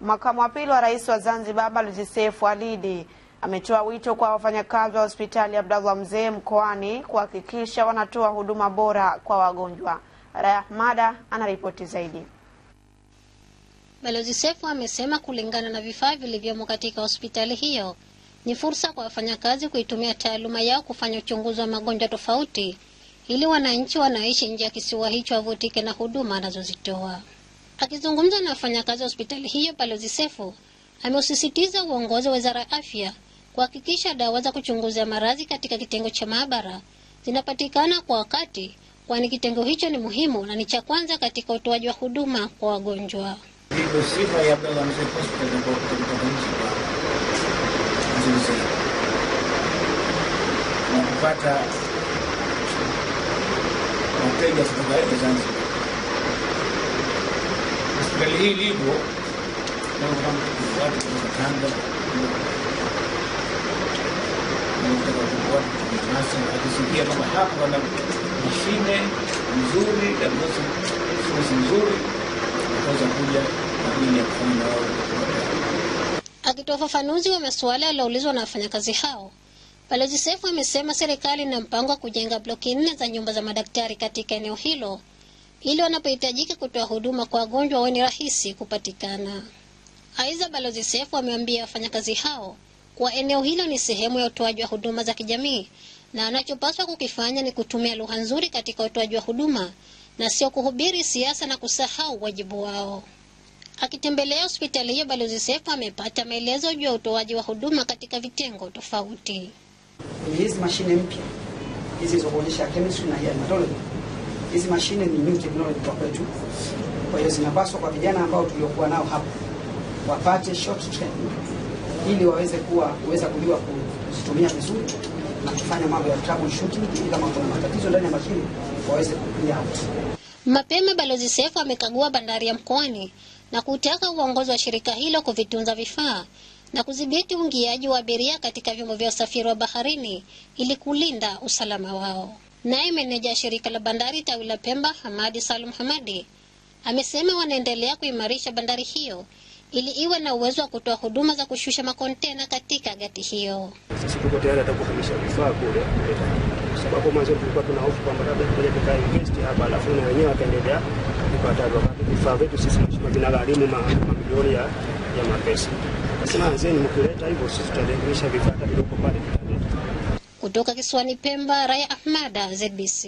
Makamu wa pili wa rais wa Zanzibar Abdul Seif Walidi ametoa wito kwa wafanyakazi wa hospitali ya Abdallah Mzee mkoani kuhakikisha wanatoa huduma bora kwa wagonjwa. Rahmada anaripoti zaidi. Balozi Sefu amesema kulingana na vifaa vilivyomo katika hospitali hiyo ni fursa kwa wafanyakazi kuitumia taaluma yao kufanya uchunguzi wa magonjwa tofauti ili wananchi wanaishi nje ya kisiwa hicho wavutike na huduma anazozitoa. Akizungumza na wafanyakazi wa hospitali hiyo, Balozi Sefu ameusisitiza uongozi wa wizara ya afya kuhakikisha dawa za kuchunguza maradhi katika kitengo cha maabara zinapatikana kwa wakati, kwani kitengo hicho ni muhimu na ni cha kwanza katika utoaji wa huduma kwa wagonjwa hii hapo mashine nzuri na nzuri kuja kwa ajili ya kufanya. Akitoa ufafanuzi wa masuala yaliyoulizwa na wafanyakazi hao, Balozi Sefu amesema serikali ina mpango wa kujenga bloki nne za nyumba za madaktari katika eneo hilo ili wanapohitajika kutoa huduma kwa wagonjwa wawe ni rahisi kupatikana. Aidha, Balozi Sefu amewaambia wafanyakazi hao kwa eneo hilo ni sehemu ya utoaji wa huduma za kijamii na wanachopaswa kukifanya ni kutumia lugha nzuri katika utoaji wa huduma na sio kuhubiri siasa na kusahau wajibu wao. Akitembelea hospitali hiyo, Balozi Sefu amepata maelezo juu ya utoaji wa huduma katika vitengo tofauti. Hizi mashine mpya hizi zinazoonyesha chemistry na hematology Hizi mashine ni new technology kwa kwetu, kwa hiyo zinapaswa kwa vijana ambao tuliokuwa nao hapa wapate short training ili waweze kuwa kuweza kujua kuzitumia vizuri na kufanya mambo ya troubleshooting ili kama kuna matatizo ndani ya mashine waweze kupiga out. Mapema Balozi sefu amekagua bandari ya Mkoani na kutaka uongozi wa shirika hilo kuvitunza vifaa na kudhibiti uingiaji wa abiria katika vyombo vya usafiri wa baharini ili kulinda usalama wao. Naye meneja shirika la bandari tawi la Pemba Hamadi Salum Hamadi amesema wanaendelea kuimarisha bandari hiyo ili iwe na uwezo wa kutoa huduma za kushusha makontena katika gati hiyo. Sisi tuko tayari hata kuhamisha vifaa kule, sababu mwanzo tulikuwa tuna hofu kwamba labda tukaje invest hapa, alafu na wenyewe wataendelea kupata wakati vifaa vyetu sisi mheshimiwa vinagharimu mamilioni ya, ya mapesa. Nasema anzeni mkileta hivyo, sisi tutarekebisha vifaa hata kidogo pale kutoka kisiwani Pemba, Raya Ahmada, ZBC.